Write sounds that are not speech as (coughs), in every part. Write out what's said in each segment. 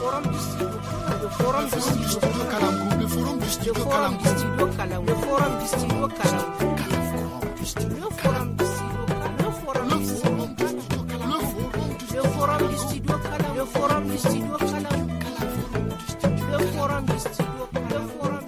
forum du le forum forum forum forum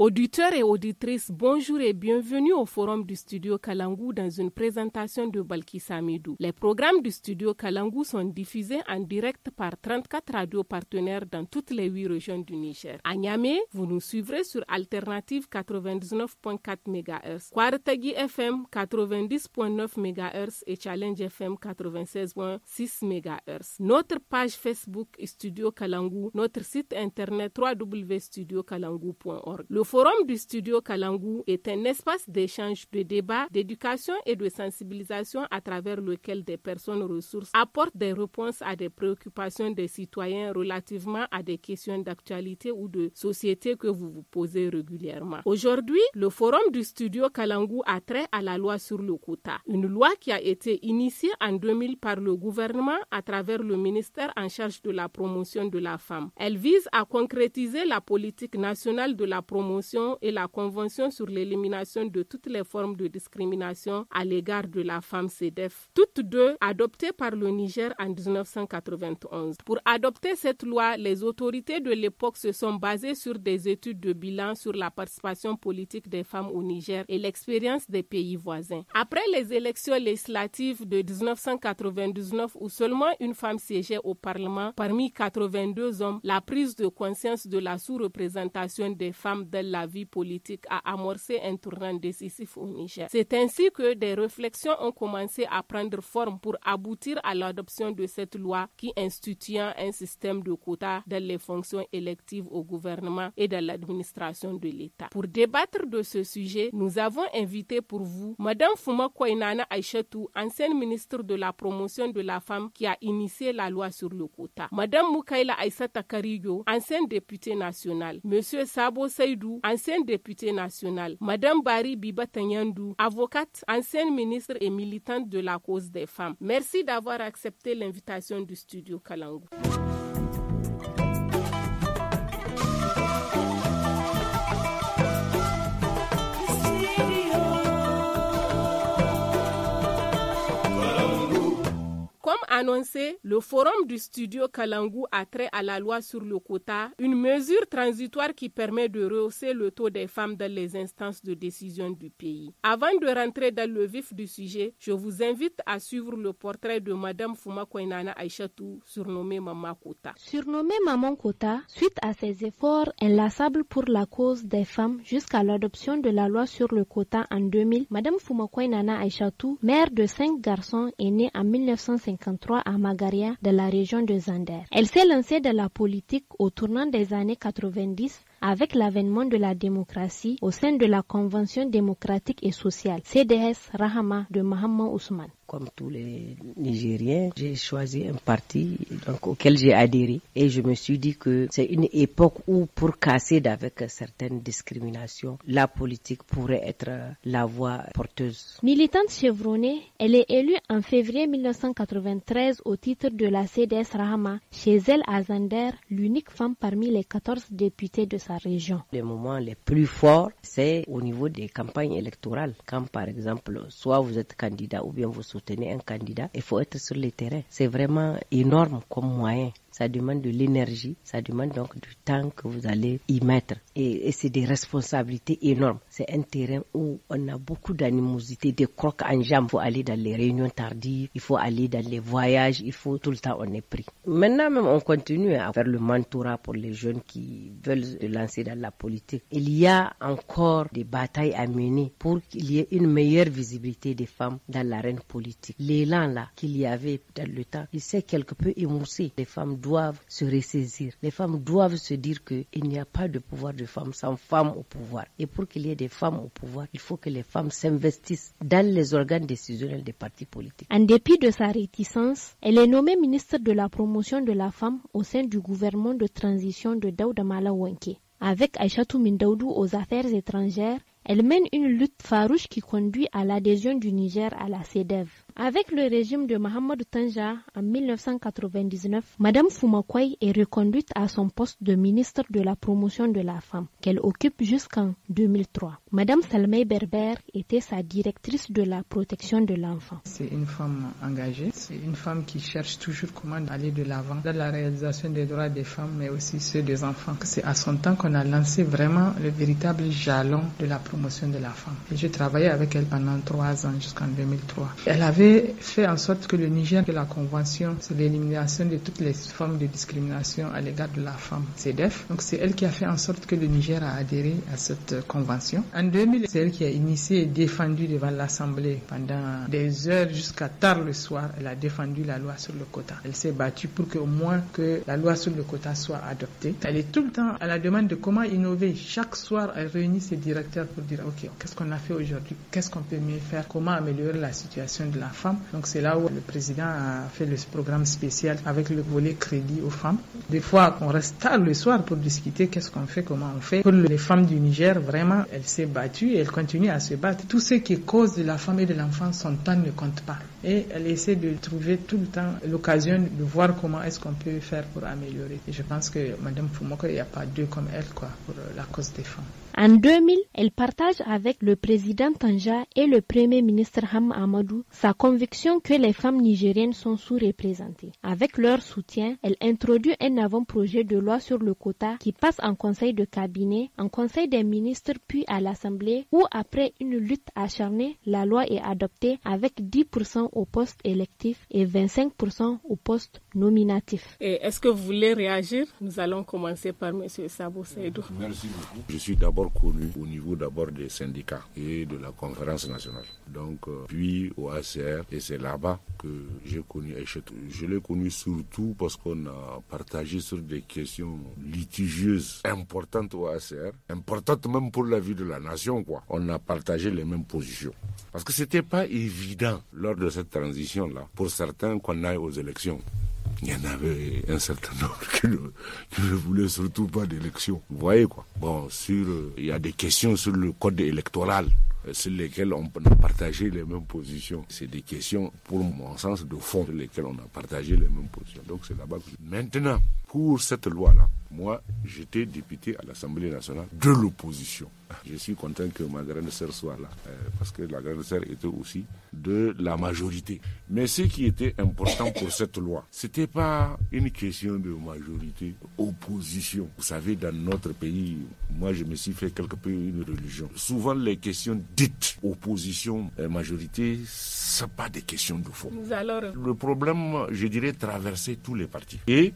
Auditeurs et auditrices, bonjour et bienvenue au forum du studio Kalangou dans une présentation de Balkisamidou. Les programmes du studio Kalangou sont diffusés en direct par 34 radios partenaires dans toutes les 8 régions du Niger. À Niamey, vous nous suivrez sur Alternative 99.4 MHz, Kwartagi FM 90.9 MHz et Challenge FM 96.6 MHz. Notre page Facebook Studio Kalangou, notre site internet www.studiokalangou.org forum du studio Kalangu est un espace d'échange, de débat, d'éducation et de sensibilisation à travers lequel des personnes ressources apportent des réponses à des préoccupations des citoyens relativement à des questions d'actualité ou de société que vous vous posez régulièrement. Aujourd'hui, le forum du studio Kalangu a trait à la loi sur le quota, une loi qui a été initiée en 2000 par le gouvernement à travers le ministère en charge de la promotion de la femme. Elle vise à concrétiser la politique nationale de la promotion et la Convention sur l'élimination de toutes les formes de discrimination à l'égard de la femme CEDEF, toutes deux adoptées par le Niger en 1991. Pour adopter cette loi, les autorités de l'époque se sont basées sur des études de bilan sur la participation politique des femmes au Niger et l'expérience des pays voisins. Après les élections législatives de 1999 où seulement une femme siégeait au Parlement parmi 82 hommes, la prise de conscience de la sous-représentation des femmes dans la vie politique a amorcé un tournant décisif au Niger. C'est ainsi que des réflexions ont commencé à prendre forme pour aboutir à l'adoption de cette loi qui instituant un système de quotas dans les fonctions électives au gouvernement et dans l'administration de l'État. Pour débattre de ce sujet, nous avons invité pour vous Madame Fuma Koinana Aïchetou, ancienne ministre de la promotion de la femme qui a initié la loi sur le quota. Madame Moukaila Aïssa Kariyo, ancienne députée nationale. Monsieur Sabo Seydou, ancienne députée nationale, Madame Barry Bibatanyandou, avocate, ancienne ministre et militante de la cause des femmes. Merci d'avoir accepté l'invitation du studio Kalangu. Comme annoncé, le forum du studio Kalangu a trait à la loi sur le quota, une mesure transitoire qui permet de rehausser le taux des femmes dans les instances de décision du pays. Avant de rentrer dans le vif du sujet, je vous invite à suivre le portrait de Madame Fumakoinana Koinana surnommée Maman Kota. Surnommée Maman Kota, suite à ses efforts inlassables pour la cause des femmes jusqu'à l'adoption de la loi sur le quota en 2000, Madame Fumakwainana Koinana mère de cinq garçons, est née en 1950 à Magaria, de la région de Zander. Elle s'est lancée dans la politique au tournant des années 90 avec l'avènement de la démocratie au sein de la Convention démocratique et sociale CDS Rahama de Mohammed Ousmane. Comme tous les Nigériens, j'ai choisi un parti auquel j'ai adhéré et je me suis dit que c'est une époque où pour casser d'avec certaines discriminations, la politique pourrait être la voie porteuse. Militante chevronnée, elle est élue en février 1993 au titre de la CDS Rahama, chez elle à l'unique femme parmi les 14 députés de sa région. Les moments les plus forts, c'est au niveau des campagnes électorales. Quand par exemple, soit vous êtes candidat ou bien vous soutenez un candidat, il faut être sur le terrain. C'est vraiment énorme comme moyen ça demande de l'énergie, ça demande donc du temps que vous allez y mettre. Et, c'est des responsabilités énormes. C'est un terrain où on a beaucoup d'animosité, des crocs en jambes. Il faut aller dans les réunions tardives, il faut aller dans les voyages, il faut tout le temps on est pris. Maintenant même, on continue à faire le mentorat pour les jeunes qui veulent se lancer dans la politique. Il y a encore des batailles à mener pour qu'il y ait une meilleure visibilité des femmes dans l'arène politique. L'élan là qu'il y avait dans le temps, il s'est quelque peu émoussé. des femmes doivent se ressaisir. Les femmes doivent se dire qu'il n'y a pas de pouvoir de femme sans femme au pouvoir. Et pour qu'il y ait des femmes au pouvoir, il faut que les femmes s'investissent dans les organes décisionnels des partis politiques. En dépit de sa réticence, elle est nommée ministre de la promotion de la femme au sein du gouvernement de transition de Daouda Malawanke. Avec Aïchatou Mindaoudou aux affaires étrangères, elle mène une lutte farouche qui conduit à l'adhésion du Niger à la CEDEV. Avec le régime de Mohamed Tanja en 1999, Madame Fumakwai est reconduite à son poste de ministre de la promotion de la femme, qu'elle occupe jusqu'en 2003. Madame Salmei Berber était sa directrice de la protection de l'enfant. C'est une femme engagée, c'est une femme qui cherche toujours comment aller de l'avant dans la réalisation des droits des femmes, mais aussi ceux des enfants. C'est à son temps qu'on a lancé vraiment le véritable jalon de la promotion de la femme. j'ai travaillé avec elle pendant trois ans jusqu'en 2003. Elle avait fait en sorte que le Niger, que la Convention sur l'élimination de toutes les formes de discrimination à l'égard de la femme, CEDEF, donc c'est elle qui a fait en sorte que le Niger a adhéré à cette convention. En 2000, c'est elle qui a initié et défendu devant l'Assemblée pendant des heures jusqu'à tard le soir. Elle a défendu la loi sur le quota. Elle s'est battue pour qu'au moins que la loi sur le quota soit adoptée. Elle est tout le temps à la demande de comment innover. Chaque soir, elle réunit ses directeurs pour dire, OK, qu'est-ce qu'on a fait aujourd'hui Qu'est-ce qu'on peut mieux faire Comment améliorer la situation de la femmes. Donc c'est là où le président a fait le programme spécial avec le volet crédit aux femmes. Des fois, on reste tard le soir pour discuter qu'est-ce qu'on fait, comment on fait. Pour les femmes du Niger, vraiment, elles s'est battues et elles continuent à se battre. Tout ce qui cause de la femme et de l'enfant, son temps ne compte pas. Et elle essaie de trouver tout le temps l'occasion de voir comment est-ce qu'on peut faire pour améliorer. Et je pense que Madame Fumoko, il n'y a pas deux comme elle, quoi, pour la cause des femmes. En 2000, elle partage avec le président Tanja et le premier ministre Ham Amadou sa conviction que les femmes nigériennes sont sous-représentées. Avec leur soutien, elle introduit un avant-projet de loi sur le quota qui passe en conseil de cabinet, en conseil des ministres puis à l'Assemblée où après une lutte acharnée, la loi est adoptée avec 10% au poste électif et 25% au poste nominatif. Et est-ce que vous voulez réagir Nous allons commencer par M. Sabo Saïdou. Merci beaucoup. Je suis connu au niveau d'abord des syndicats et de la conférence nationale. Donc, euh, puis au ACR, et c'est là-bas que j'ai connu Echetou. Je l'ai connu surtout parce qu'on a partagé sur des questions litigieuses importantes au ACR, importantes même pour la vie de la nation, quoi. On a partagé les mêmes positions. Parce que c'était pas évident lors de cette transition-là, pour certains, qu'on aille aux élections il y en avait un certain nombre qui ne, voulaient surtout pas d'élection. Vous voyez quoi Bon, sur, euh, il y a des questions sur le code électoral euh, sur lesquelles on a partagé les mêmes positions. C'est des questions, pour mon sens, de fond, sur lesquelles on a partagé les mêmes positions. Donc c'est là-bas que Maintenant, pour cette loi-là. Moi, j'étais député à l'Assemblée nationale de l'opposition. Je suis content que ma grande sœur soit là, euh, parce que la grande sœur était aussi de la majorité. Mais ce qui était important pour cette loi, c'était pas une question de majorité, opposition. Vous savez, dans notre pays, moi, je me suis fait quelque peu une religion. Souvent, les questions dites opposition, et euh, majorité, c'est pas des questions de fond. Alors... Le problème, je dirais, traversait tous les partis. Et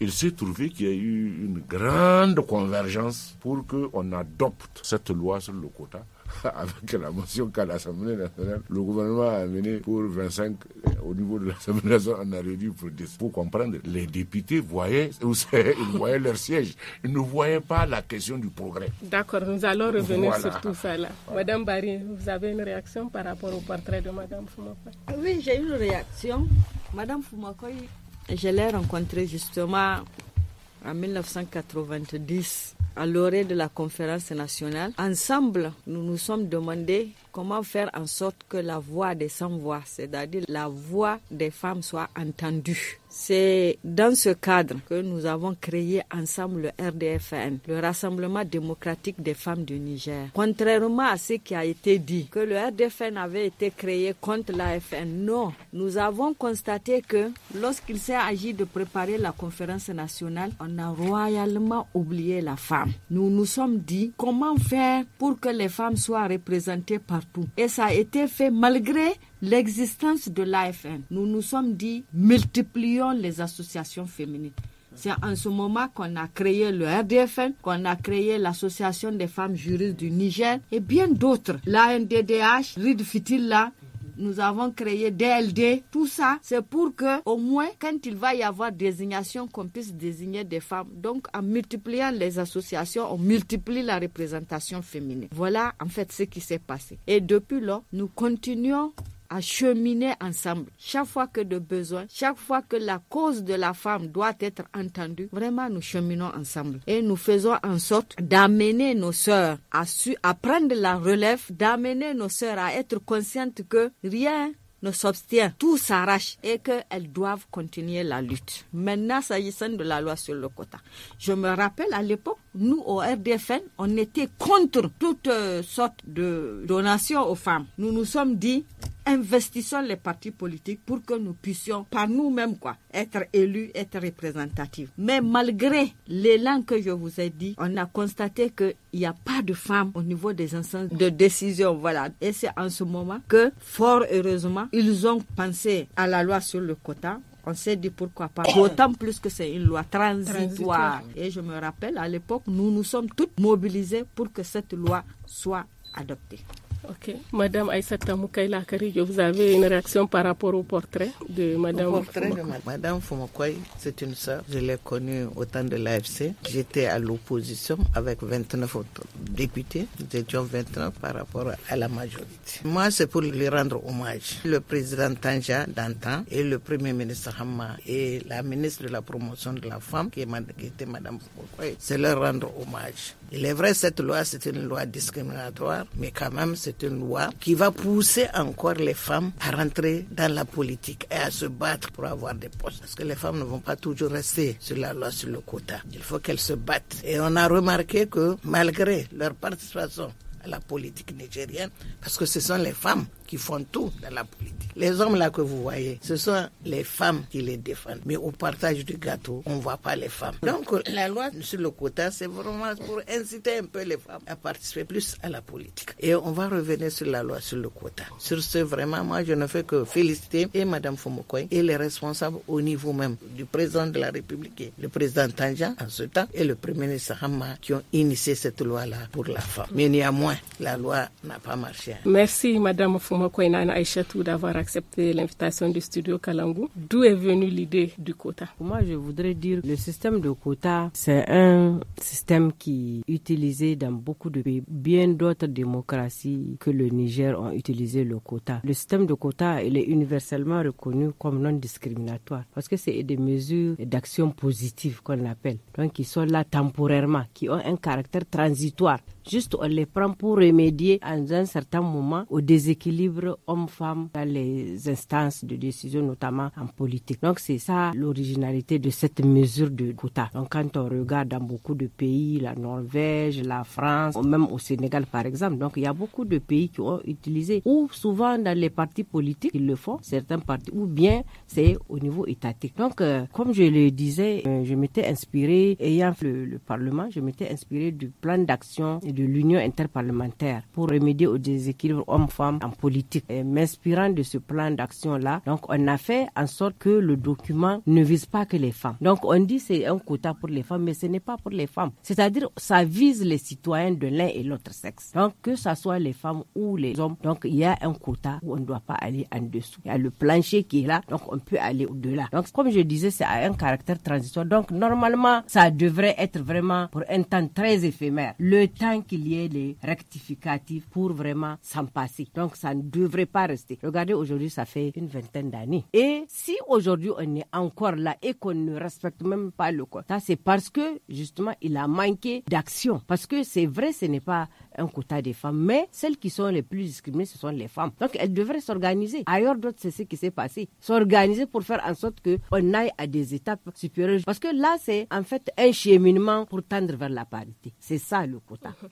il s'est trouvé qu'il y a eu une grande convergence pour qu'on adopte cette loi sur le quota (laughs) avec la motion qu'à l'Assemblée nationale, le gouvernement a mené pour 25, euh, au niveau de l'Assemblée nationale, on a réduit pour 10. Pour comprendre, les députés voyaient, (laughs) ils voyaient leur siège, ils ne voyaient pas la question du progrès. D'accord, nous allons revenir sur tout ça là. Madame Barry, vous avez une réaction par rapport au portrait de Madame Fumakoye ah Oui, j'ai une réaction. Madame Fumakoye, je l'ai rencontré justement en 1990 à l'orée de la conférence nationale, ensemble, nous nous sommes demandé comment faire en sorte que la voix des sans-voix, c'est-à-dire la voix des femmes, soit entendue. C'est dans ce cadre que nous avons créé ensemble le RDFN, le Rassemblement démocratique des femmes du Niger. Contrairement à ce qui a été dit, que le RDFN avait été créé contre la FN, non. Nous avons constaté que lorsqu'il s'est agi de préparer la conférence nationale, on a royalement oublié la femme. Nous nous sommes dit comment faire pour que les femmes soient représentées partout. Et ça a été fait malgré l'existence de l'AFN. Nous nous sommes dit multiplions les associations féminines. C'est en ce moment qu'on a créé le RDFN, qu'on a créé l'Association des femmes juristes du Niger et bien d'autres. L'ANDDH, RID Fitilla, nous avons créé DLD. Tout ça, c'est pour que, au moins, quand il va y avoir désignation, qu'on puisse désigner des femmes. Donc, en multipliant les associations, on multiplie la représentation féminine. Voilà, en fait, ce qui s'est passé. Et depuis lors, nous continuons à cheminer ensemble. Chaque fois que de besoin, chaque fois que la cause de la femme doit être entendue, vraiment nous cheminons ensemble et nous faisons en sorte d'amener nos sœurs à, su à prendre la relève, d'amener nos sœurs à être conscientes que rien ne s'obstient, tout s'arrache et qu'elles doivent continuer la lutte. Maintenant, s'agissant de la loi sur le quota, je me rappelle à l'époque, nous au RDFN, on était contre toutes euh, sortes de donations aux femmes. Nous nous sommes dit, investissons les partis politiques pour que nous puissions par nous-mêmes quoi être élus, être représentatifs. Mais malgré l'élan que je vous ai dit, on a constaté qu'il n'y a pas de femmes au niveau des instances de décision. Voilà. Et c'est en ce moment que, fort heureusement, ils ont pensé à la loi sur le quota on s'est dit pourquoi pas. (coughs) D'autant plus que c'est une loi transitoire. Et je me rappelle, à l'époque, nous nous sommes toutes mobilisés pour que cette loi soit adoptée. Ok. Madame Aïssata Moukaïla Akarijo, vous avez une réaction par rapport au portrait de Madame Madame c'est une sœur. Je l'ai connue au temps de l'AFC. J'étais à l'opposition avec 29 autres députés. Nous étions 29 par rapport à la majorité. Moi, c'est pour lui rendre hommage. Le président Tanja d'antan et le premier ministre Hamma et la ministre de la promotion de la femme qui, était Madame Fumokoy, c'est leur rendre hommage. Il est vrai, cette loi, c'est une loi discriminatoire, mais quand même, c'est c'est une loi qui va pousser encore les femmes à rentrer dans la politique et à se battre pour avoir des postes. Parce que les femmes ne vont pas toujours rester sur la loi, sur le quota. Il faut qu'elles se battent. Et on a remarqué que malgré leur participation à la politique nigérienne, parce que ce sont les femmes qui font tout dans la politique. Les hommes là que vous voyez, ce sont les femmes qui les défendent. Mais au partage du gâteau, on ne voit pas les femmes. Donc la loi sur le quota, c'est vraiment pour inciter un peu les femmes à participer plus à la politique. Et on va revenir sur la loi sur le quota. Sur ce, vraiment, moi, je ne fais que féliciter et Mme Fomokoy et les responsables au niveau même du président de la République, le président Tanja en ce temps, et le premier ministre Hamma qui ont initié cette loi-là pour la femme. Mais néanmoins, la loi n'a pas marché. Merci, Mme Fomokoy. Ouma Koinan tout d'avoir accepté l'invitation du studio Kalangu. D'où est venue l'idée du quota Moi, je voudrais dire le système de quota, c'est un système qui est utilisé dans beaucoup de pays. Bien d'autres démocraties que le Niger ont utilisé le quota. Le système de quota, il est universellement reconnu comme non discriminatoire parce que c'est des mesures d'action positive qu'on appelle, donc qui sont là temporairement, qui ont un caractère transitoire. Juste, on les prend pour remédier à un certain moment au déséquilibre homme-femme dans les instances de décision, notamment en politique. Donc, c'est ça l'originalité de cette mesure de quota. Donc, quand on regarde dans beaucoup de pays, la Norvège, la France, ou même au Sénégal, par exemple, donc il y a beaucoup de pays qui ont utilisé, ou souvent dans les partis politiques, ils le font, certains partis, ou bien c'est au niveau étatique. Donc, euh, comme je le disais, euh, je m'étais inspiré, ayant le, le Parlement, je m'étais inspiré du plan d'action et de l'Union interparlementaire pour remédier au déséquilibre hommes-femmes en politique. M'inspirant de ce plan d'action-là, donc on a fait en sorte que le document ne vise pas que les femmes. Donc on dit c'est un quota pour les femmes, mais ce n'est pas pour les femmes. C'est-à-dire ça vise les citoyens de l'un et l'autre sexe. Donc que ce soit les femmes ou les hommes, donc il y a un quota où on ne doit pas aller en dessous. Il y a le plancher qui est là, donc on peut aller au-delà. Donc comme je disais, c'est un caractère transitoire. Donc normalement, ça devrait être vraiment pour un temps très éphémère. Le temps qu'il y ait les rectificatifs pour vraiment s'en passer. Donc, ça ne devrait pas rester. Regardez, aujourd'hui, ça fait une vingtaine d'années. Et si aujourd'hui, on est encore là et qu'on ne respecte même pas le quota, c'est parce que, justement, il a manqué d'action. Parce que c'est vrai, ce n'est pas un quota des femmes, mais celles qui sont les plus discriminées, ce sont les femmes. Donc, elles devraient s'organiser. Ailleurs d'autres, c'est ce qui s'est passé. S'organiser pour faire en sorte qu'on aille à des étapes supérieures. Parce que là, c'est en fait un cheminement pour tendre vers la parité. C'est ça le quota. Mhm.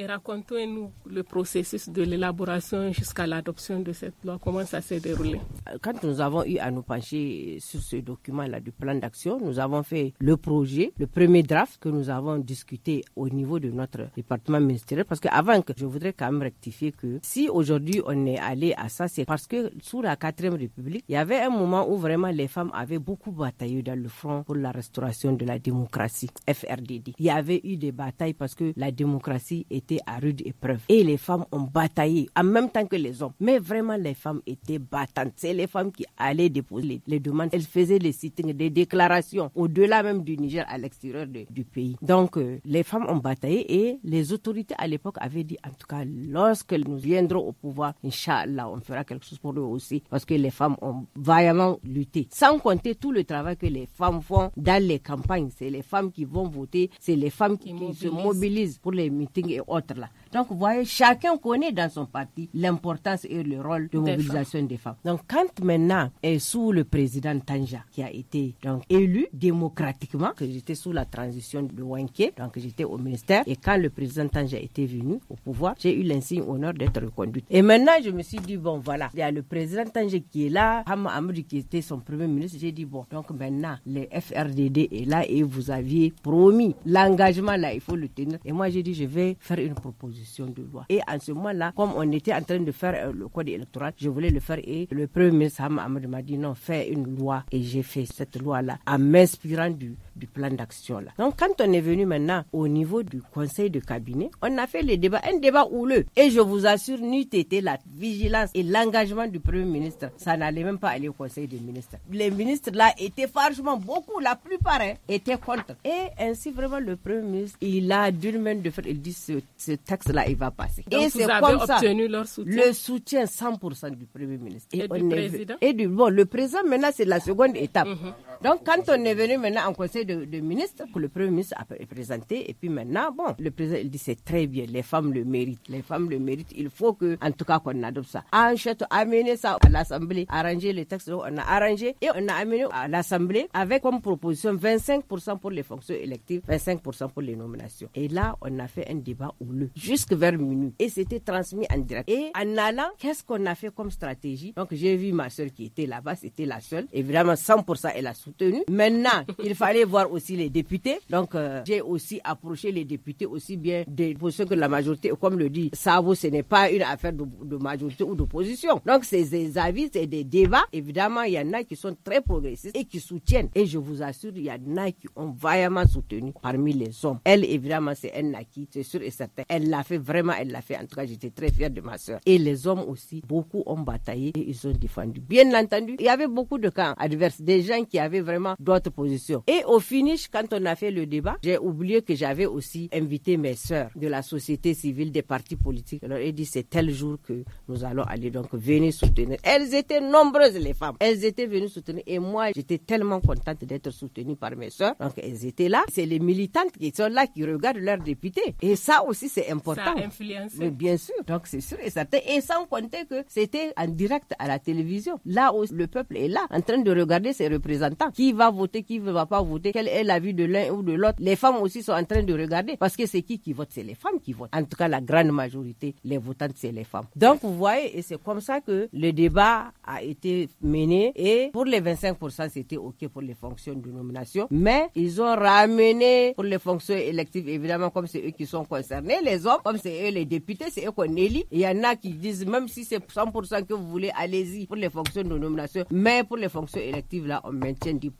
Et racontez-nous le processus de l'élaboration jusqu'à l'adoption de cette loi. Comment ça s'est déroulé Quand nous avons eu à nous pencher sur ce document-là du plan d'action, nous avons fait le projet, le premier draft que nous avons discuté au niveau de notre département ministériel. Parce qu'avant, je voudrais quand même rectifier que si aujourd'hui on est allé à ça, c'est parce que sous la 4ème République, il y avait un moment où vraiment les femmes avaient beaucoup bataillé dans le front pour la restauration de la démocratie, FRDD. Il y avait eu des batailles parce que la démocratie était à rude épreuve. Et les femmes ont bataillé en même temps que les hommes. Mais vraiment, les femmes étaient battantes. C'est les femmes qui allaient déposer les, demandes. Elles faisaient les sittings, des déclarations au-delà même du Niger, à l'extérieur du pays. Donc, euh, les femmes ont bataillé et les autorités à l'époque avaient dit, en tout cas, lorsque nous viendrons au pouvoir, Inch'Allah, on fera quelque chose pour eux aussi, parce que les femmes ont vaillamment lutté. Sans compter tout le travail que les femmes font dans les campagnes. C'est les femmes qui vont voter, c'est les femmes qui, se mobilisent pour les meetings et otra. Donc, vous voyez, chacun connaît dans son parti l'importance et le rôle de mobilisation des femmes. Donc, quand maintenant, est sous le président Tanja, qui a été donc élu démocratiquement, que j'étais sous la transition de Wanké, donc j'étais au ministère, et quand le président Tanja était venu au pouvoir, j'ai eu l'insigne honneur d'être reconduite. Et maintenant, je me suis dit, bon, voilà, il y a le président Tanja qui est là, Hama Amri qui était son premier ministre, j'ai dit, bon, donc maintenant, le FRDD est là et vous aviez promis l'engagement là, il faut le tenir. Et moi, j'ai dit, je vais faire une proposition de loi. Et en ce moment-là, comme on était en train de faire euh, le code électoral, je voulais le faire et le premier ministre Ahmed m'a dit non, fais une loi. Et j'ai fait cette loi-là en m'inspirant du du plan d'action là. Donc quand on est venu maintenant au niveau du conseil de cabinet, on a fait les débats un débat houleux. Et je vous assure, n'eût été la vigilance et l'engagement du Premier ministre, ça n'allait même pas aller au conseil des ministres. Les ministres là étaient franchement beaucoup, la plupart hein, étaient contre. Et ainsi vraiment le Premier ministre, il a d'une main de fer, il dit ce, texte là il va passer. et c'est comme ça. Leur soutien. Le soutien 100% du Premier ministre. Et, du président. Et du, bon, le président maintenant c'est la seconde étape. Mhm. Donc quand on est venu maintenant en conseil de de, ministre, que le Premier ministre a présenté. Et puis maintenant, bon, le président, il dit c'est très bien, les femmes le méritent. Les femmes le méritent. Il faut que, en tout cas, qu'on adopte ça. Ensuite, amener ça à l'Assemblée, arranger le texte, On a arrangé et on a amené à l'Assemblée avec comme proposition 25% pour les fonctions électives, 25% pour les nominations. Et là, on a fait un débat houleux jusque vers minuit. Et c'était transmis en direct. Et en allant, qu'est-ce qu'on a fait comme stratégie Donc, j'ai vu ma soeur qui était là-bas, c'était la seule. Évidemment, 100% elle a soutenu. Maintenant, il fallait voir aussi les députés. Donc, euh, j'ai aussi approché les députés aussi bien des positions que la majorité, comme le dit Savo, ce n'est pas une affaire de, majorité ou d'opposition. Donc, c'est des avis, c'est des débats. Évidemment, il y en a qui sont très progressistes et qui soutiennent. Et je vous assure, il y en a qui ont vaillamment soutenu parmi les hommes. Elle, évidemment, c'est un acquis, c'est sûr et certain. Elle l'a fait vraiment, elle l'a fait. En tout cas, j'étais très fière de ma soeur. Et les hommes aussi, beaucoup ont bataillé et ils ont défendu. Bien entendu, il y avait beaucoup de camps adverses, des gens qui avaient vraiment d'autres positions. Et au au finish, quand on a fait le débat, j'ai oublié que j'avais aussi invité mes sœurs de la société civile, des partis politiques. Alors leur dit, c'est tel jour que nous allons aller, donc venir soutenir. Elles étaient nombreuses, les femmes. Elles étaient venues soutenir. Et moi, j'étais tellement contente d'être soutenue par mes sœurs. Donc, elles étaient là. C'est les militantes qui sont là, qui regardent leurs députés. Et ça aussi, c'est important. Ça a influencé. Mais bien sûr. Donc, c'est sûr et certain. Et sans compter que c'était en direct à la télévision. Là où le peuple est là, en train de regarder ses représentants. Qui va voter, qui ne va pas voter quelle est la de l'un ou de l'autre. Les femmes aussi sont en train de regarder parce que c'est qui qui vote C'est les femmes qui votent. En tout cas, la grande majorité, les votantes, c'est les femmes. Donc, vous voyez, et c'est comme ça que le débat a été mené. Et pour les 25%, c'était OK pour les fonctions de nomination. Mais ils ont ramené pour les fonctions électives, évidemment, comme c'est eux qui sont concernés, les hommes, comme c'est eux les députés, c'est eux qu'on élit. Il y en a qui disent, même si c'est 100% que vous voulez, allez-y pour les fonctions de nomination. Mais pour les fonctions électives, là, on maintient 10%.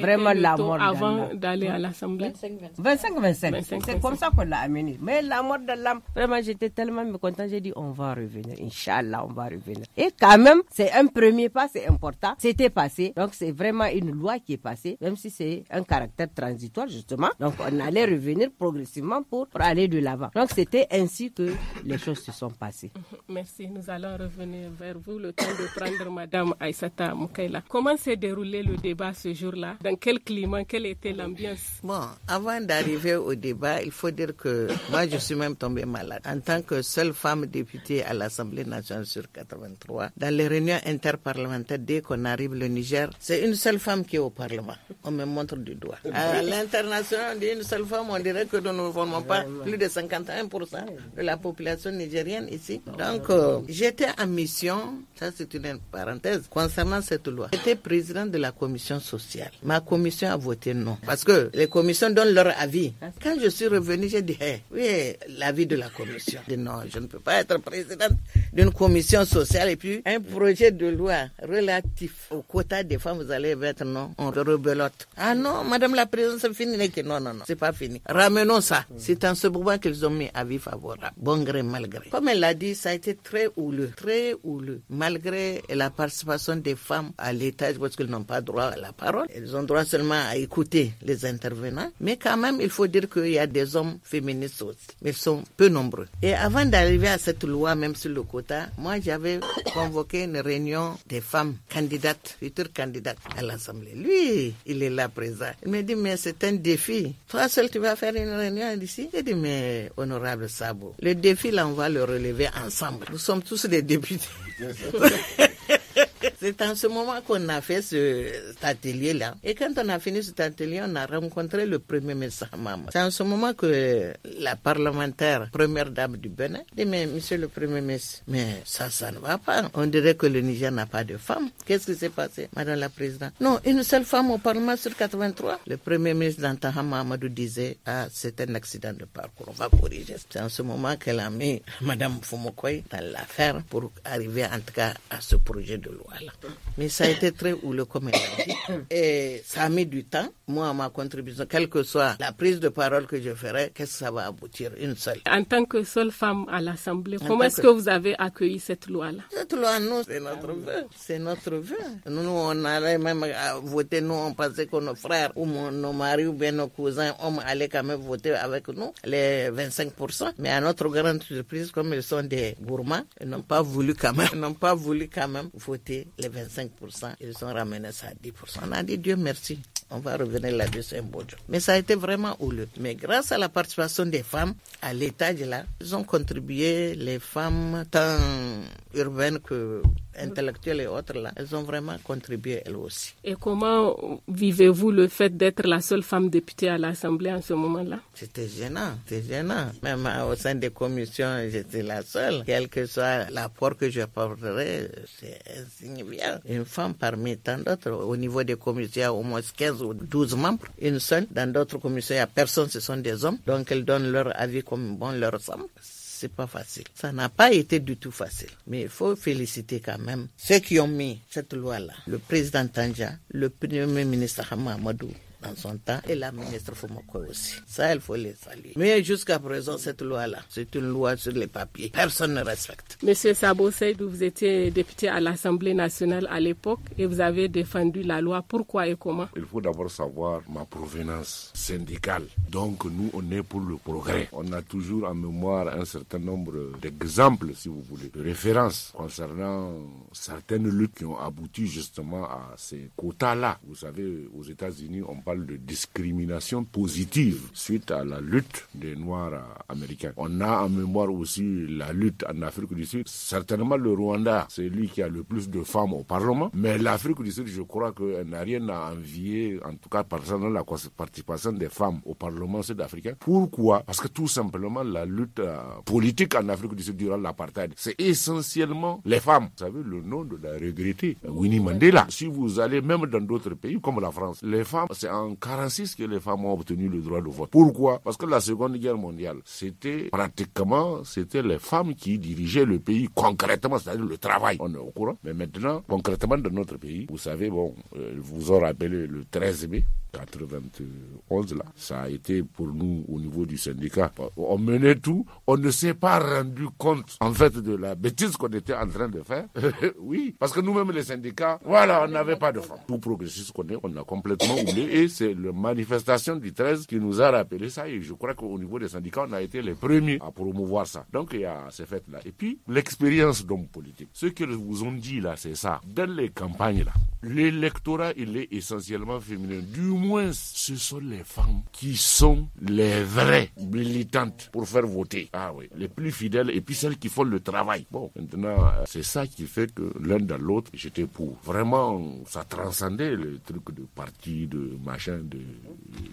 Vraiment la mort avant d'aller à l'Assemblée 25-25. C'est comme ça qu'on l'a amené. Mais la mort de l'âme, vraiment, j'étais tellement mécontent. J'ai dit, on va revenir. Inch'Allah, on va revenir. Et quand même, c'est un premier pas, c'est important. C'était passé. Donc, c'est vraiment une loi qui est passée, même si c'est un caractère transitoire, justement. Donc, on allait revenir progressivement pour, aller de l'avant. Donc, c'était ainsi que les choses se sont passées. (laughs) Merci. Nous allons revenir vers vous le temps de prendre Madame Aïsata Moukaila. Comment s'est déroulé le débat ce jour-là Dans quel climat, quelle était l'ambiance Bon, avant d'arriver au débat, il faut dire que moi, je suis même tombée malade. En tant que seule femme députée à l'Assemblée nationale sur 83, dans les réunions interparlementaires, dès qu'on arrive le Niger, c'est une seule femme qui est au Parlement. On me montre du doigt. À l'international, on dit une seule femme, on dirait que nous ne formons pas plus de 51% de la population nigérienne ici. Donc, euh, j'étais en mission, ça c'est une parenthèse, concernant cette loi. J'étais présidente de la commission sociale. Ma commission a voté non. Parce que les commissions donnent leur avis. Quand je suis revenu, j'ai dit, oui, l'avis de la commission. Je non, je ne peux pas être présidente d'une commission sociale et puis un projet de loi relatif au quota des femmes, vous allez mettre non, on rebelote. Ah non, madame la présidente, c'est fini. Non, non, non, c'est pas fini. Ramenons ça. Mm. C'est en ce moment qu'ils ont mis avis favorable. Bon gré, malgré Comme elle l'a dit, ça a été très houleux, très houleux. Malgré la participation des femmes à l'étage parce qu'elles n'ont pas droit à la parole, elles ont droit seulement à écouter écouter les intervenants, mais quand même, il faut dire qu'il y a des hommes féministes aussi, mais ils sont peu nombreux. Et avant d'arriver à cette loi, même sur le quota, moi, j'avais (coughs) convoqué une réunion des femmes candidates, futures candidates à l'Assemblée. Lui, il est là présent. Il me dit, mais c'est un défi. Toi seul, tu vas faire une réunion d'ici. J'ai dit, mais honorable Sabo, le défi, là, on va le relever ensemble. Nous sommes tous des députés. (laughs) C'est en ce moment qu'on a fait ce, cet atelier-là. Et quand on a fini cet atelier, on a rencontré le premier ministre Hamama. C'est en ce moment que la parlementaire, première dame du Bénin, dit Mais monsieur le premier ministre, mais ça, ça ne va pas. On dirait que le Niger n'a pas de femme. Qu'est-ce qui s'est passé, madame la présidente Non, une seule femme au Parlement sur 83. Le premier ministre d'Antaha Mamadou disait Ah, c'est un accident de parcours, on va corriger. C'est en ce moment qu'elle a mis (laughs) madame Fumokoy dans l'affaire pour arriver en tout cas à ce projet de loi. Mais ça a été très houleux, comme elle a dit. Et ça a mis du temps, moi, à ma contribution, quelle que soit la prise de parole que je ferai, qu'est-ce que ça va aboutir Une seule. En tant que seule femme à l'Assemblée, comment est-ce que... vous avez accueilli cette loi-là Cette loi, nous, c'est notre ah vœu. C'est notre vœu. Nous, on allait même euh, voter, nous, on pensait que nos frères ou nos maris ou bien nos cousins, hommes, allaient quand même voter avec nous, les 25%. Mais à notre grande surprise, comme ils sont des gourmands, ils n'ont pas voulu quand même, (laughs) n'ont pas voulu quand même voter les 25%, ils ont ramené ça à 10%. On a dit Dieu merci. On va revenir là-dessus un bon jour. Mais ça a été vraiment houleux. Mais grâce à la participation des femmes à l'état de là, ils ont contribué, les femmes, tant urbaines que intellectuelles et autres là, elles ont vraiment contribué elles aussi. Et comment vivez-vous le fait d'être la seule femme députée à l'Assemblée en ce moment-là C'était gênant, c'était gênant. Même euh, au sein des commissions, j'étais la seule. Quel que soit l'apport que je c'est insignifiant. Une femme parmi tant d'autres, au niveau des commissions, au moins 15 ou 12 membres, une seule. Dans d'autres commissions, il n'y a personne, ce sont des hommes. Donc, elles donnent leur avis comme bon leur semble c'est pas facile. Ça n'a pas été du tout facile. Mais il faut féliciter quand même ceux qui ont mis cette loi-là. Le président Tanja, le premier ministre Hamadou, en son temps et la ministre Fumoko aussi. Ça, il faut les saluer. Mais jusqu'à présent, cette loi-là, c'est une loi sur les papiers. Personne ne respecte. Monsieur Sabo Seydou, vous étiez député à l'Assemblée nationale à l'époque et vous avez défendu la loi. Pourquoi et comment Il faut d'abord savoir ma provenance syndicale. Donc, nous, on est pour le progrès. On a toujours en mémoire un certain nombre d'exemples, si vous voulez, de références concernant certaines luttes qui ont abouti justement à ces quotas-là. Vous savez, aux États-Unis, on parle de discrimination positive suite à la lutte des Noirs américains. On a en mémoire aussi la lutte en Afrique du Sud. Certainement le Rwanda, c'est lui qui a le plus de femmes au Parlement. Mais l'Afrique du Sud, je crois qu'elle n'a rien à envier, en tout cas par la participation des femmes au Parlement sud-africain. Pourquoi Parce que tout simplement la lutte euh, politique en Afrique du Sud durant l'apartheid, c'est essentiellement les femmes. Vous savez le nom de la regrettée, Winnie Mandela. Si vous allez même dans d'autres pays comme la France, les femmes, c'est en en 46 que les femmes ont obtenu le droit de vote. Pourquoi Parce que la Seconde Guerre mondiale, c'était pratiquement, c'était les femmes qui dirigeaient le pays concrètement, c'est-à-dire le travail. On est au courant. Mais maintenant, concrètement dans notre pays, vous savez, bon, euh, vous ont rappelé le 13 mai, 91 là, ça a été pour nous au niveau du syndicat. On menait tout, on ne s'est pas rendu compte en fait de la bêtise qu'on était en train de faire. (laughs) oui, parce que nous-mêmes les syndicats, voilà, on n'avait pas de femmes. Tout progressiste qu'on est, on a complètement oublié et c'est la manifestation du 13 qui nous a rappelé ça et je crois qu'au niveau des syndicats, on a été les premiers à promouvoir ça. Donc il y a ces fêtes-là. Et puis l'expérience d'homme politique. Ce que vous ont dit là, c'est ça. Dans les campagnes là, l'électorat il est essentiellement féminin. Du moins moins, ce sont les femmes qui sont les vraies militantes pour faire voter. Ah oui, les plus fidèles et puis celles qui font le travail. Bon, maintenant, euh, c'est ça qui fait que l'un dans l'autre, j'étais pour. Vraiment, ça transcendait le truc de parti, de machin, de,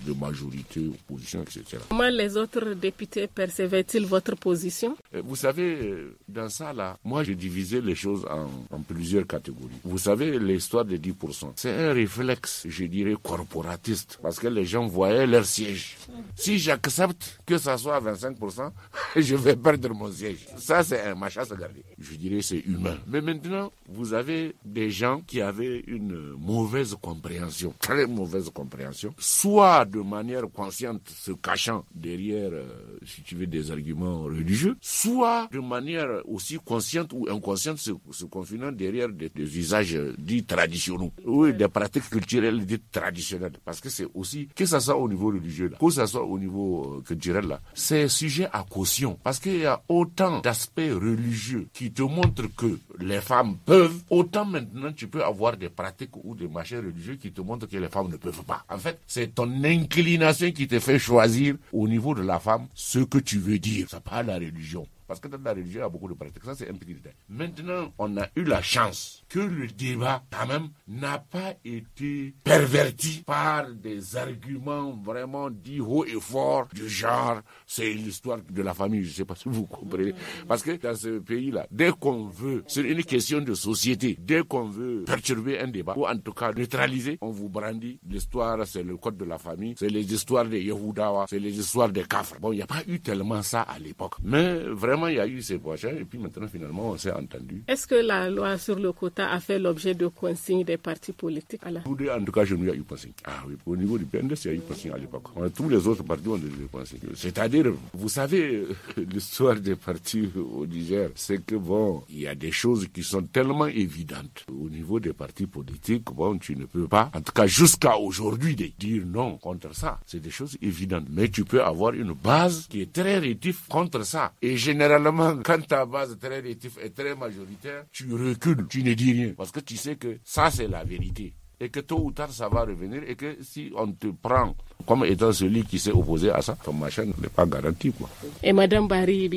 de majorité, opposition, etc. Comment les autres députés percevaient-ils votre position euh, Vous savez, euh, dans ça, là, moi, j'ai divisé les choses en, en plusieurs catégories. Vous savez, l'histoire des 10%, c'est un réflexe, je dirais, corporel parce que les gens voyaient leur siège. Si j'accepte que ça soit à 25%, (laughs) je vais perdre mon siège. Ça, c'est un machin à garder. Je dirais c'est humain. Mais maintenant, vous avez des gens qui avaient une mauvaise compréhension, très mauvaise compréhension, soit de manière consciente, se cachant derrière, euh, si tu veux, des arguments religieux, soit de manière aussi consciente ou inconsciente, se, confinant derrière des, visages usages euh, dits traditionnels, ou des pratiques culturelles dites traditionnelles. Parce que c'est aussi, que ça soit au niveau religieux, que ça soit au niveau euh, culturel, là, c'est sujet à caution. Parce qu'il y a autant d'aspects religieux qui te montrent que les femmes peuvent, autant maintenant tu peux avoir des pratiques ou des machins religieux qui te montrent que les femmes ne peuvent pas. En fait, c'est ton inclination qui te fait choisir au niveau de la femme ce que tu veux dire. Ça pas la religion. Parce que dans la religion, il y a beaucoup de pratiques. Ça, c'est un petit détail. Maintenant, on a eu la chance que le débat, quand même, n'a pas été perverti par des arguments vraiment dits haut et fort, du genre, c'est l'histoire de la famille. Je ne sais pas si vous comprenez. Parce que dans ce pays-là, dès qu'on veut, c'est une question de société, dès qu'on veut perturber un débat, ou en tout cas neutraliser, on vous brandit l'histoire, c'est le code de la famille, c'est les histoires des Yehudawa, c'est les histoires des Kafres. Bon, il n'y a pas eu tellement ça à l'époque. Mais vraiment, il y a eu ces prochains et puis maintenant, finalement, on s'est entendu. Est-ce que la loi sur le quota a fait l'objet de consignes des partis politiques à la... En tout cas, je n'y ai eu consigne. Ah oui, au niveau du PNDS, il y a eu consigne à l'époque. Tous les autres partis ont des consignes. C'est-à-dire, vous savez, (laughs) l'histoire des partis au Niger, c'est que bon, il y a des choses qui sont tellement évidentes au niveau des partis politiques. Bon, tu ne peux pas, en tout cas jusqu'à aujourd'hui, dire non contre ça. C'est des choses évidentes. Mais tu peux avoir une base qui est très rétif contre ça. Et généralement, généralement, quand ta base très rétif et très majoritaire, tu recules, tu ne dis rien, parce que tu sais que ça, c'est la vérité et que tôt ou tard ça va revenir et que si on te prend comme étant celui qui s'est opposé à ça, ton machin n'est pas garanti. Quoi. Et Madame Barry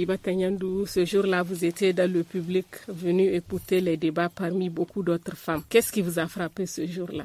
ce jour-là, vous étiez dans le public venu écouter les débats parmi beaucoup d'autres femmes. Qu'est-ce qui vous a frappé ce jour-là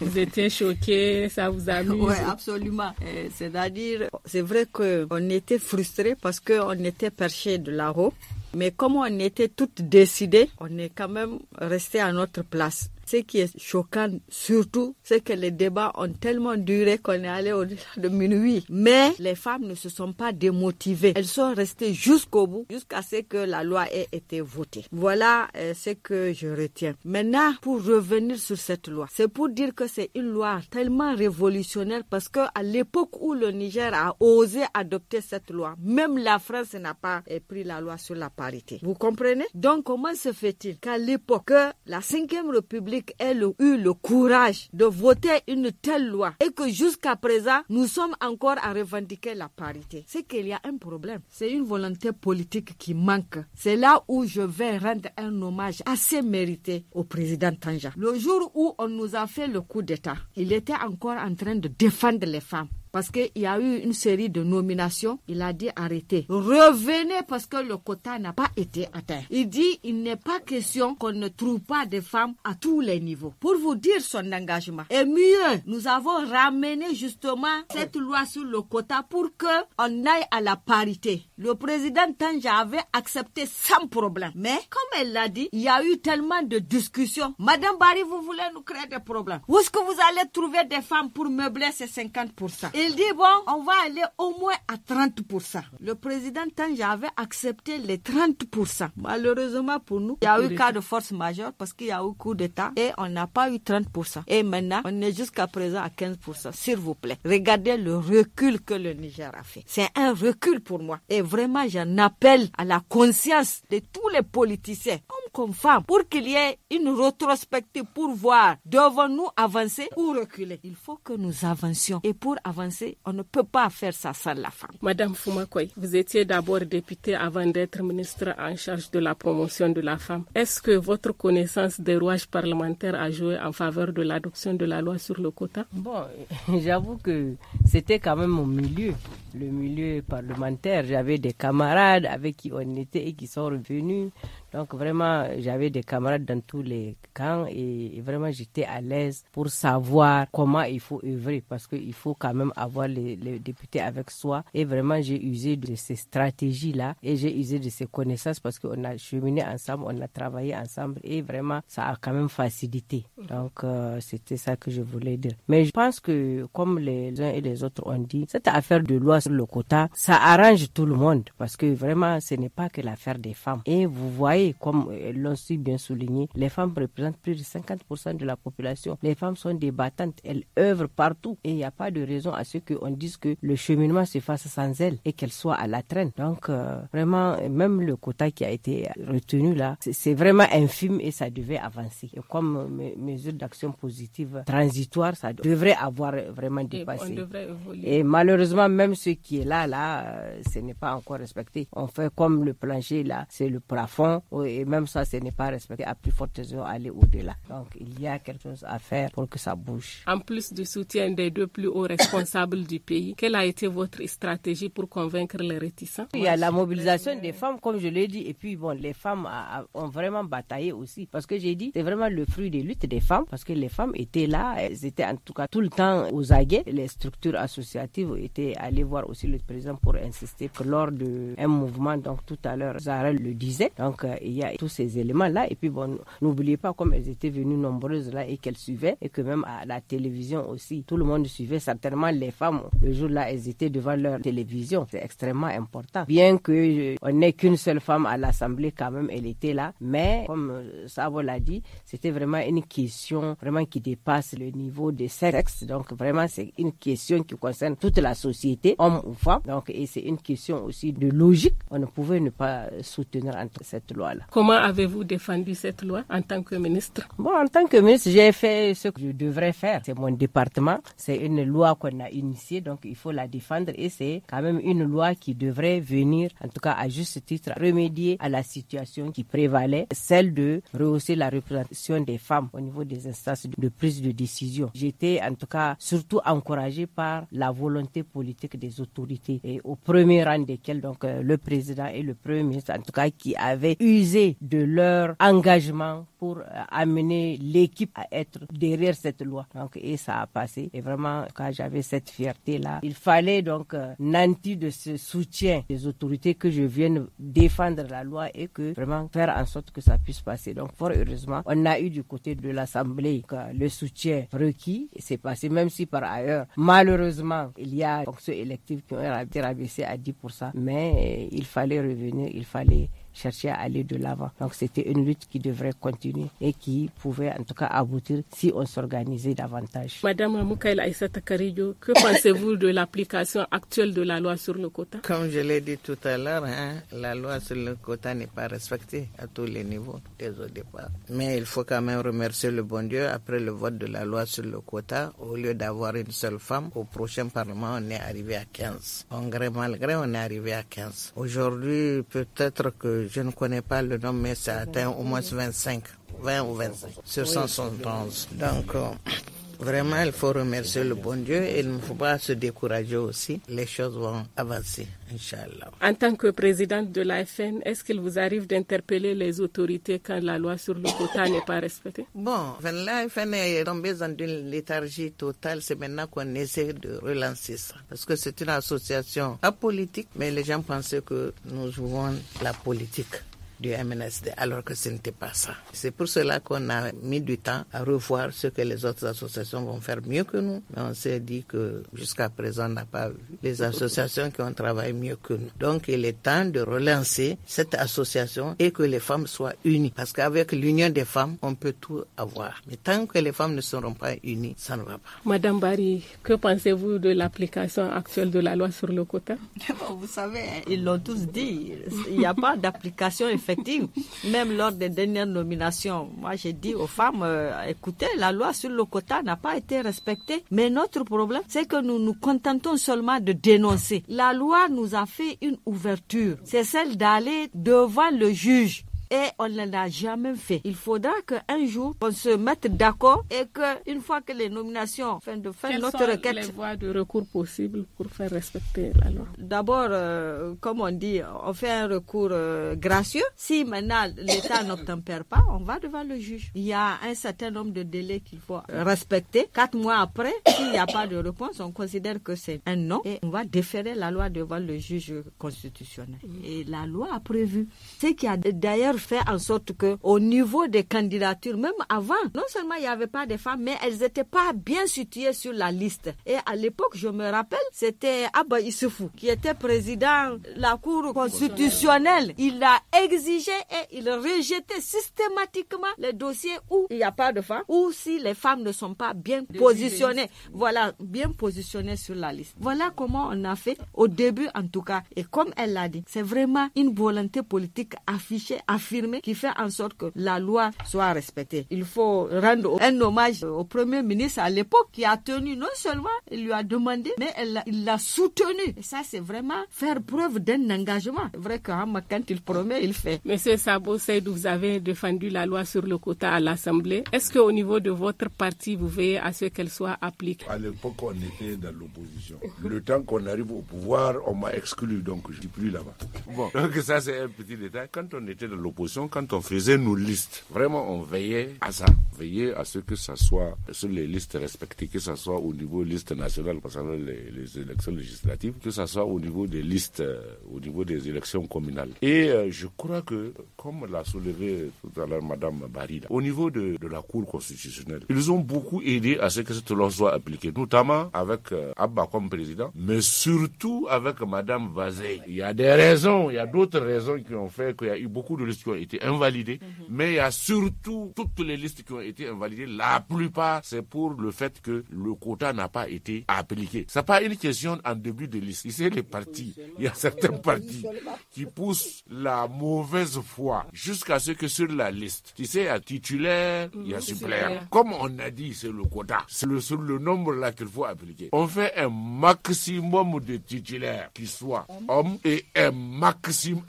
Vous (laughs) étiez choquée, ça vous a Oui, absolument. Euh, c'est-à-dire, c'est vrai qu'on était frustrés parce qu'on était perché de là-haut. Mais comme on était toutes décidées, on est quand même resté à notre place ce qui est choquant surtout, c'est que les débats ont tellement duré qu'on est allé au-delà de minuit. Mais les femmes ne se sont pas démotivées. Elles sont restées jusqu'au bout, jusqu'à ce que la loi ait été votée. Voilà euh, ce que je retiens. Maintenant, pour revenir sur cette loi, c'est pour dire que c'est une loi tellement révolutionnaire parce que à l'époque où le Niger a osé adopter cette loi, même la France n'a pas euh, pris la loi sur la parité. Vous comprenez Donc comment se fait-il qu'à l'époque, la 5 République elle a eu le courage de voter une telle loi et que jusqu'à présent, nous sommes encore à revendiquer la parité. C'est qu'il y a un problème. C'est une volonté politique qui manque. C'est là où je vais rendre un hommage assez mérité au président Tanja. Le jour où on nous a fait le coup d'État, il était encore en train de défendre les femmes parce qu'il y a eu une série de nominations. Il a dit arrêtez. Revenez parce que le quota n'a pas été atteint. Il dit il n'est pas question qu'on ne trouve pas des femmes à tous les niveaux. Pour vous dire son engagement. Et mieux, nous avons ramené justement cette loi sur le quota pour qu'on aille à la parité. Le président Tanja avait accepté sans problème. Mais comme elle l'a dit, il y a eu tellement de discussions. Madame Barry, vous voulez nous créer des problèmes. Où est-ce que vous allez trouver des femmes pour meubler ces 50% Il dit, bon, on va aller au moins à 30%. Le président Tanja avait accepté les 30%. Malheureusement pour nous, il y a eu cas de force majeure parce qu'il y a eu coup d'État et on n'a pas eu 30%. Et maintenant, on est jusqu'à présent à 15%. S'il vous plaît, regardez le recul que le Niger a fait. C'est un recul pour moi. Et Vraiment, j'en appelle à la conscience de tous les politiciens, comme femme pour qu'il y ait une rétrospective pour voir devons-nous avancer ou reculer. Il faut que nous avancions. Et pour avancer, on ne peut pas faire ça sans la femme. Madame Fumakoy, vous étiez d'abord députée avant d'être ministre en charge de la promotion de la femme. Est-ce que votre connaissance des rouages parlementaires a joué en faveur de l'adoption de la loi sur le quota Bon, (laughs) j'avoue que c'était quand même au milieu, le milieu parlementaire. J'avais des camarades avec qui on était et qui sont revenus. Donc vraiment, j'avais des camarades dans tous les camps et vraiment j'étais à l'aise pour savoir comment il faut œuvrer parce qu'il faut quand même avoir les, députés avec soi. Et vraiment, j'ai usé de ces stratégies-là et j'ai usé de ces connaissances parce qu'on a cheminé ensemble, on a travaillé ensemble et vraiment, ça a quand même facilité. Donc euh, c'était ça que je voulais dire. Mais je pense que comme les uns et les autres ont dit, cette affaire de loi sur le quota, ça arrange tout le monde parce que vraiment, ce n'est pas que l'affaire des femmes. Et vous voyez, et comme l'ont si bien souligné, les femmes représentent plus de 50% de la population. Les femmes sont des battantes, elles œuvrent partout et il n'y a pas de raison à ce qu'on dise que le cheminement se fasse sans elles et qu'elles soient à la traîne. Donc euh, vraiment, même le quota qui a été retenu là, c'est vraiment infime et ça devait avancer. Et comme mesure d'action positive transitoire, ça devrait avoir vraiment dépassé. Et, malheureusement, même ce qui est là, là, euh, ce n'est pas encore respecté. On fait comme le plancher là, c'est le plafond et même ça, ce n'est pas respecté. À plus forte raison, aller au-delà. Donc, il y a quelque chose à faire pour que ça bouge. En plus du soutien des deux plus hauts responsables du pays, quelle a été votre stratégie pour convaincre les réticents Il y a la mobilisation des femmes, comme je l'ai dit. Et puis, bon, les femmes ont vraiment bataillé aussi. Parce que j'ai dit, c'est vraiment le fruit des luttes des femmes. Parce que les femmes étaient là. Elles étaient en tout cas tout le temps aux aguets. Les structures associatives étaient allées voir aussi le président pour insister que lors d'un mouvement, donc tout à l'heure, Zara le disait. Donc, euh, il y a tous ces éléments-là. Et puis, bon, n'oubliez pas comme elles étaient venues nombreuses là et qu'elles suivaient et que même à la télévision aussi, tout le monde suivait certainement les femmes. Le jour-là, elles étaient devant leur télévision. C'est extrêmement important. Bien que euh, on n'ait qu'une seule femme à l'Assemblée, quand même, elle était là. Mais, comme euh, Sabo l'a dit, c'était vraiment une question vraiment qui dépasse le niveau des sexes. Donc, vraiment, c'est une question qui concerne toute la société, homme ou femmes. Donc, et c'est une question aussi de logique. On ne pouvait ne pas soutenir cette loi. Comment avez-vous défendu cette loi en tant que ministre Bon, en tant que ministre, j'ai fait ce que je devrais faire. C'est mon département. C'est une loi qu'on a initiée, donc il faut la défendre et c'est quand même une loi qui devrait venir, en tout cas à juste titre, remédier à la situation qui prévalait, celle de rehausser la représentation des femmes au niveau des instances de prise de décision. J'étais en tout cas surtout encouragée par la volonté politique des autorités et au premier rang desquelles donc euh, le président et le premier ministre, en tout cas, qui avaient eu de leur engagement pour euh, amener l'équipe à être derrière cette loi. Donc, et ça a passé. Et vraiment, quand j'avais cette fierté-là, il fallait donc euh, nanti de ce soutien des autorités que je vienne défendre la loi et que vraiment faire en sorte que ça puisse passer. Donc, fort heureusement, on a eu du côté de l'Assemblée euh, le soutien requis. C'est passé, même si par ailleurs, malheureusement, il y a ceux électifs qui ont été rabaissés à 10%. Mais il fallait revenir, il fallait chercher à aller de l'avant. Donc c'était une lutte qui devrait continuer et qui pouvait en tout cas aboutir si on s'organisait davantage. Madame Moukaïla Takarijo, que pensez-vous de l'application actuelle de la loi sur le quota Comme je l'ai dit tout à l'heure, hein, la loi sur le quota n'est pas respectée à tous les niveaux dès au départ. Mais il faut quand même remercier le bon Dieu. Après le vote de la loi sur le quota, au lieu d'avoir une seule femme, au prochain Parlement, on est arrivé à 15. En gré malgré, on est arrivé à 15. Aujourd'hui, peut-être que je ne connais pas le nombre, mais ça atteint au moins 25, 20 ou 25 sur 171. Donc, euh, Vraiment, il faut remercier le bon Dieu et il ne faut pas se décourager aussi. Les choses vont avancer, Inch'Allah. En tant que présidente de l'AFN, est-ce qu'il vous arrive d'interpeller les autorités quand la loi sur le quota n'est pas respectée Bon, l'AFN est tombée dans une léthargie totale. C'est maintenant qu'on essaie de relancer ça. Parce que c'est une association apolitique, mais les gens pensaient que nous jouons la politique du MNSD, alors que ce n'était pas ça. C'est pour cela qu'on a mis du temps à revoir ce que les autres associations vont faire mieux que nous. on s'est dit que jusqu'à présent, on n'a pas vu les associations qui ont travaillé mieux que nous. Donc, il est temps de relancer cette association et que les femmes soient unies. Parce qu'avec l'union des femmes, on peut tout avoir. Mais tant que les femmes ne seront pas unies, ça ne va pas. Madame Barry, que pensez-vous de l'application actuelle de la loi sur le quota (laughs) Vous savez, hein, ils l'ont tous dit. Il n'y a pas d'application effective même lors des dernières nominations, moi j'ai dit aux femmes, euh, écoutez, la loi sur le quota n'a pas été respectée. Mais notre problème, c'est que nous nous contentons seulement de dénoncer. La loi nous a fait une ouverture. C'est celle d'aller devant le juge et on ne l'a jamais fait. Il faudra qu'un jour, on se mette d'accord et qu'une fois que les nominations, fin de fin, Quelles sont les voies de recours possibles pour faire respecter la loi D'abord, euh, comme on dit, on fait un recours euh, gracieux. Si maintenant l'État n'obtempère pas, on va devant le juge. Il y a un certain nombre de délais qu'il faut respecter. Quatre mois après, s'il n'y a pas de réponse, on considère que c'est un non et on va déférer la loi devant le juge constitutionnel. Et la loi a prévu. Ce qui a d'ailleurs fait en sorte que, au niveau des candidatures, même avant, non seulement il n'y avait pas de femmes, mais elles n'étaient pas bien situées sur la liste. Et à l'époque, je me rappelle, c'était Abba Issoufou qui était président de la Cour constitutionnelle. Il a exigé et il rejetait systématiquement les dossiers où il n'y a pas de femmes, ou si les femmes ne sont pas bien positionnées. Voilà, bien positionnées sur la liste. Voilà comment on a fait au début, en tout cas. Et comme elle l'a dit, c'est vraiment une volonté politique affichée, affichée qui fait en sorte que la loi soit respectée. Il faut rendre un hommage au Premier ministre à l'époque qui a tenu, non seulement il lui a demandé, mais il l'a soutenu. Et ça, c'est vraiment faire preuve d'un engagement. C'est vrai que hein, quand il promet, il fait. Monsieur Sabo Seyd, vous avez défendu la loi sur le quota à l'Assemblée. Est-ce qu'au niveau de votre parti, vous veillez à ce qu'elle soit appliquée À l'époque, on était dans l'opposition. Le temps qu'on arrive au pouvoir, on m'a exclu, donc je ne suis plus là-bas. Bon, donc ça, c'est un petit détail. Quand on était dans l'opposition, quand on faisait nos listes, vraiment on veillait à ça. Veillait à ce que ça soit sur les listes respectées, que ce soit au niveau liste nationale concernant les, les élections législatives, que ça soit au niveau des listes, euh, au niveau des élections communales. Et euh, je crois que, comme l'a soulevé tout à l'heure Mme Barida, au niveau de, la Cour constitutionnelle, ils ont beaucoup aidé à ce que cette loi soit appliquée, notamment avec euh, Abba comme président, mais surtout avec Madame Vazey. Il y a des raisons, il y a d'autres raisons qui ont fait qu'il y a eu beaucoup de listes ont été invalidées, mhm. mais il y a surtout toutes les listes qui ont été invalidées. La plupart, c'est pour le fait que le quota n'a pas été appliqué. Ça pas une question en début de liste. Ici, les partis, il y a certains partis qui poussent la mauvaise foi jusqu'à ce que sur la liste, tu sais, il y a titulaire, il y a mhm. suppléant. Comme on a dit, c'est le quota. C'est le, le nombre là qu'il faut appliquer. On fait un maximum de titulaires qui soient hommes et un maximum,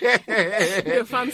de (laughs) femmes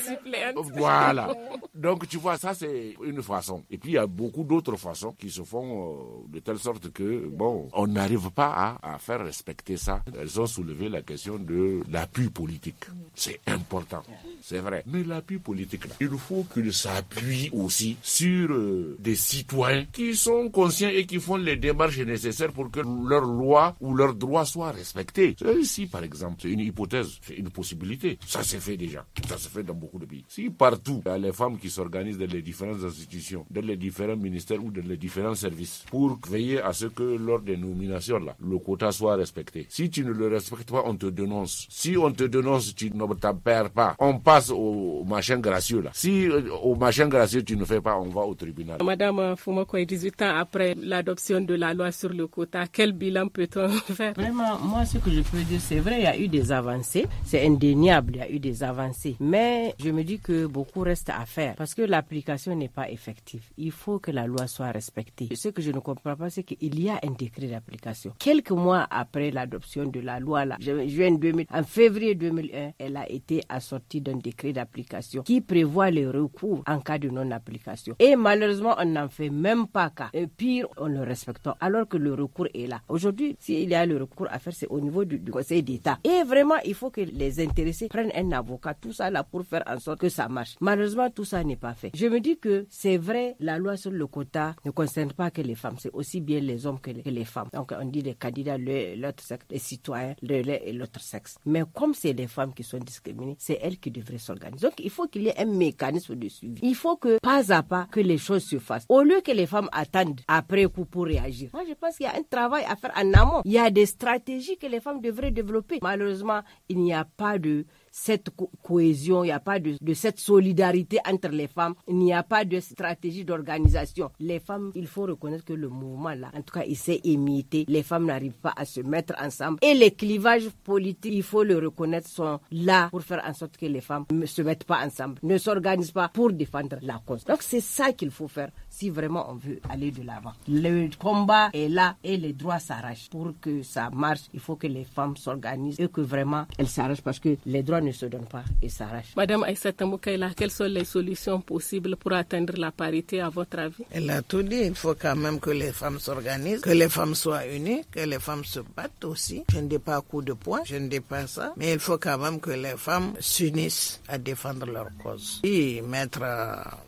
Voilà. Donc, tu vois, ça, c'est une façon. Et puis, il y a beaucoup d'autres façons qui se font euh, de telle sorte que, bon, on n'arrive pas à, faire respecter ça. Elles ont soulevé la question de l'appui politique. C'est important c'est vrai. Mais l'appui politique, il faut qu'il s'appuie aussi sur euh, des citoyens qui sont conscients et qui font les démarches nécessaires pour que leurs lois ou leurs droits soient respectés. Ici, euh, par exemple, c'est une hypothèse, c'est une possibilité. Ça s'est fait déjà. Ça se fait dans beaucoup de pays. Si partout, il y a les femmes qui s'organisent dans les différentes institutions, dans les différents ministères ou dans les différents services, pour veiller à ce que lors des nominations, là, le quota soit respecté. Si tu ne le respectes pas, on te dénonce. Si on te dénonce, tu ne t'en perds pas. On au machin gracieux là. Si euh, au machin gracieux tu ne fais pas, on va au tribunal. Madame Foumakoy, 18 ans après l'adoption de la loi sur le quota, quel bilan peut-on (laughs) faire Vraiment, moi ce que je peux dire, c'est vrai, il y a eu des avancées, c'est indéniable, il y a eu des avancées. Mais je me dis que beaucoup reste à faire parce que l'application n'est pas effective. Il faut que la loi soit respectée. Ce que je ne comprends pas, c'est qu'il y a un décret d'application. Quelques mois après l'adoption de la loi, là, juin 2000, en février 2001, elle a été assortie d'un décret d'application qui prévoit le recours en cas de non-application. Et malheureusement, on n'en fait même pas cas. Et pire, on le respecte alors que le recours est là. Aujourd'hui, s'il y a le recours à faire, c'est au niveau du, Conseil d'État. Et vraiment, il faut que les intéressés prennent un avocat, tout ça là pour faire en sorte que ça marche. Malheureusement, tout ça n'est pas fait. Je me dis que c'est vrai, la loi sur le quota ne concerne pas que les femmes, c'est aussi bien les hommes que les, femmes. Donc on dit les candidats, l'autre sexe, les citoyens, et l'autre sexe. Mais comme c'est les femmes qui sont discriminées, c'est elles qui devraient s'organisent. Donc, il faut qu'il y ait un mécanisme de suivi. Il faut que, pas à pas, que les choses se fassent. Au lieu que les femmes attendent après coup pour réagir. Moi, je pense qu'il y a un travail à faire en amont. Il y a des stratégies que les femmes devraient développer. Malheureusement, il n'y a pas de cette cohésion, il n'y a pas de, de, cette solidarité entre les femmes, il n'y a pas de stratégie d'organisation. Les femmes, il faut reconnaître que le mouvement là, en tout cas, il s'est imité. Les femmes n'arrivent pas à se mettre ensemble. Et les clivages politiques, il faut le reconnaître, sont là pour faire en sorte que les femmes ne se mettent pas ensemble, ne s'organisent pas pour défendre la cause. Donc c'est ça qu'il faut faire si vraiment on veut aller de l'avant. Le combat est là et les droits s'arrachent. Pour que ça marche, il faut que les femmes s'organisent et que vraiment elles s'arrachent parce que les droits ne se donnent pas et s'arrachent. Madame Aïssa Moukaïla, quelles sont les solutions possibles pour atteindre la parité à votre avis Elle a tout dit. Il faut quand même que les femmes s'organisent, que les femmes soient unies, que les femmes se battent aussi. Je ne dis pas coup de poing, je ne dis pas ça, mais il faut quand même que les femmes s'unissent à défendre leur cause. Et Maître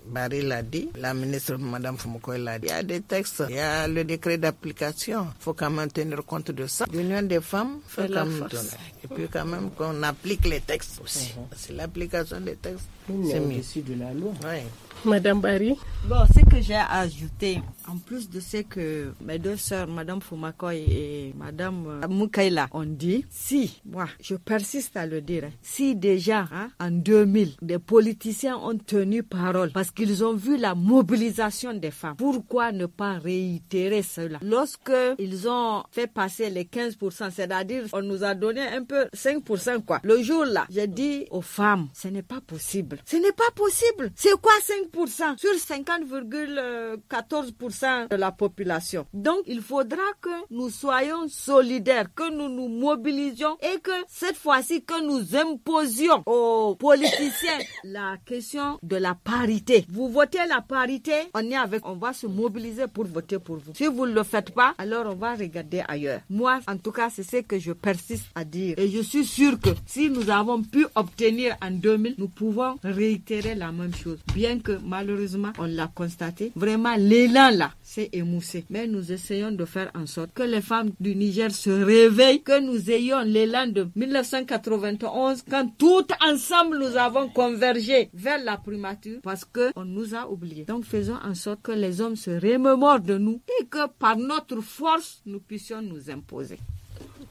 Barry l'a dit, la ministre il y a des textes, il y a le décret d'application. Il faut quand même tenir compte de ça. L'Union des femmes fait la force. Et puis quand même qu'on applique les textes aussi. Mhm. C'est l'application des textes. c'est de la loi. Oui. Madame Barry. Bon, ce que j'ai ajouté, en plus de ce que mes deux sœurs, Madame Fumakoy et Madame euh, Mukaila, ont dit, si, moi, je persiste à le dire, hein, si déjà, hein, en 2000, des politiciens ont tenu parole parce qu'ils ont vu la mobilisation des femmes, pourquoi ne pas réitérer cela Lorsque ils ont fait passer les 15%, c'est-à-dire, on nous a donné un peu 5%, quoi. Le jour-là, j'ai dit aux femmes, ce n'est pas possible. Ce n'est pas possible. C'est quoi 5 sur 50,14% de la population. Donc, il faudra que nous soyons solidaires, que nous nous mobilisions et que cette fois-ci, que nous imposions aux politiciens (coughs) la question de la parité. Vous votez la parité, on est avec, on va se mobiliser pour voter pour vous. Si vous ne le faites pas, alors on va regarder ailleurs. Moi, en tout cas, c'est ce que je persiste à dire. Et je suis sûr que si nous avons pu obtenir en 2000, nous pouvons réitérer la même chose. Bien que malheureusement, on l'a constaté. Vraiment, l'élan là, c'est émoussé. Mais nous essayons de faire en sorte que les femmes du Niger se réveillent, que nous ayons l'élan de 1991 quand tout ensemble nous avons convergé vers la primature parce que on nous a oubliés. Donc faisons en sorte que les hommes se remémorent de nous et que par notre force nous puissions nous imposer.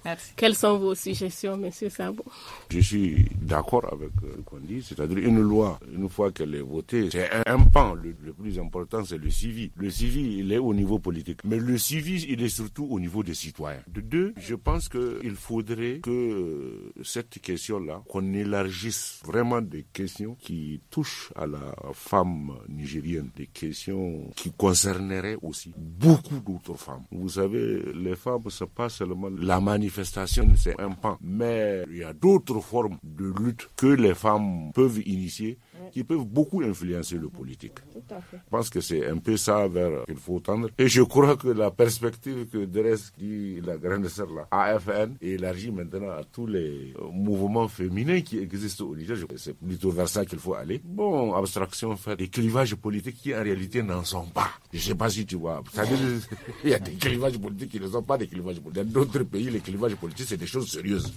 Merci. Quelles sont vos suggestions, Monsieur Sabo Je suis d'accord avec euh, ce qu'on dit, c'est-à-dire une loi, une fois qu'elle est votée, c'est un, pan. Le, plus important, c'est le suivi. Le suivi, il est au niveau politique, mais le suivi, il est surtout au niveau des citoyens. De deux, je pense qu'il faudrait que euh, cette question-là, qu'on élargisse vraiment des questions qui touchent à la femme nigérienne, des questions qui concerneraient aussi beaucoup d'autres femmes. Vous savez, les femmes, ce n'est pas seulement la manière manifestation, c'est un pan. Mais il y a d'autres formes de lutte que les femmes peuvent initier Mm. qui peuvent beaucoup influencer le politique. Je pense que c'est un peu ça vers qu'il faut tendre. Et je crois que la perspective que Dresse, la grande sœur, la AFN, élargit maintenant à tous les euh, mouvements féminins qui existent au Niger, c'est plutôt vers ça qu'il faut aller. Bon, abstraction fait, des clivages politiques qui en réalité n'en sont pas. Je ne sais pas si tu vois. (laughs) il y a des clivages politiques qui ne sont pas des clivages politiques. Dans d'autres pays, les clivages politiques, c'est des choses sérieuses.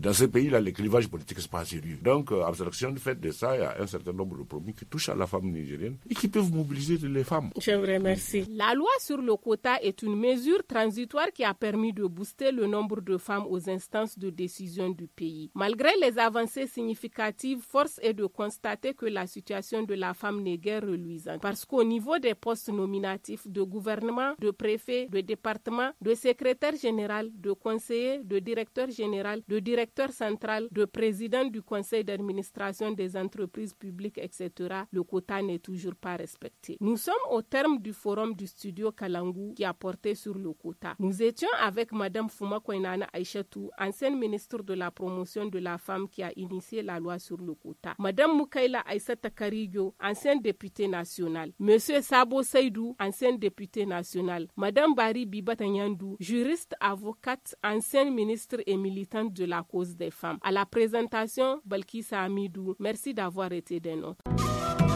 Dans ces pays-là, les clivages politiques, ce n'est pas sérieux. Donc, euh, abstraction fait de ça, il y a un certain certain nombre de promis qui touchent à la femme nigérienne et qui peuvent mobiliser les femmes. Je vous remercie. La loi sur le quota est une mesure transitoire qui a permis de booster le nombre de femmes aux instances de décision du pays. Malgré les avancées significatives, force est de constater que la situation de la femme n'est guère reluisante parce qu'au niveau des postes nominatifs de gouvernement, de préfet, de département, de secrétaire général, de conseiller, de directeur général, de directeur central, de président du conseil d'administration des entreprises publiques, etc., le quota n'est toujours pas respecté. Nous sommes au terme du forum du studio Kalangu qui a porté sur le quota. Nous étions avec Madame Fuma Kouinana Aïchatou, ancienne ministre de la promotion de la femme qui a initié la loi sur le quota. Madame Mukaila Aïssata Karigyo, ancienne députée nationale. Monsieur Sabo Seydou, ancien député nationale. Madame Bari Bibatanyandou, juriste, avocate, ancienne ministre et militante de la cause des femmes. À la présentation, Balkisa Amidou, merci d'avoir été did and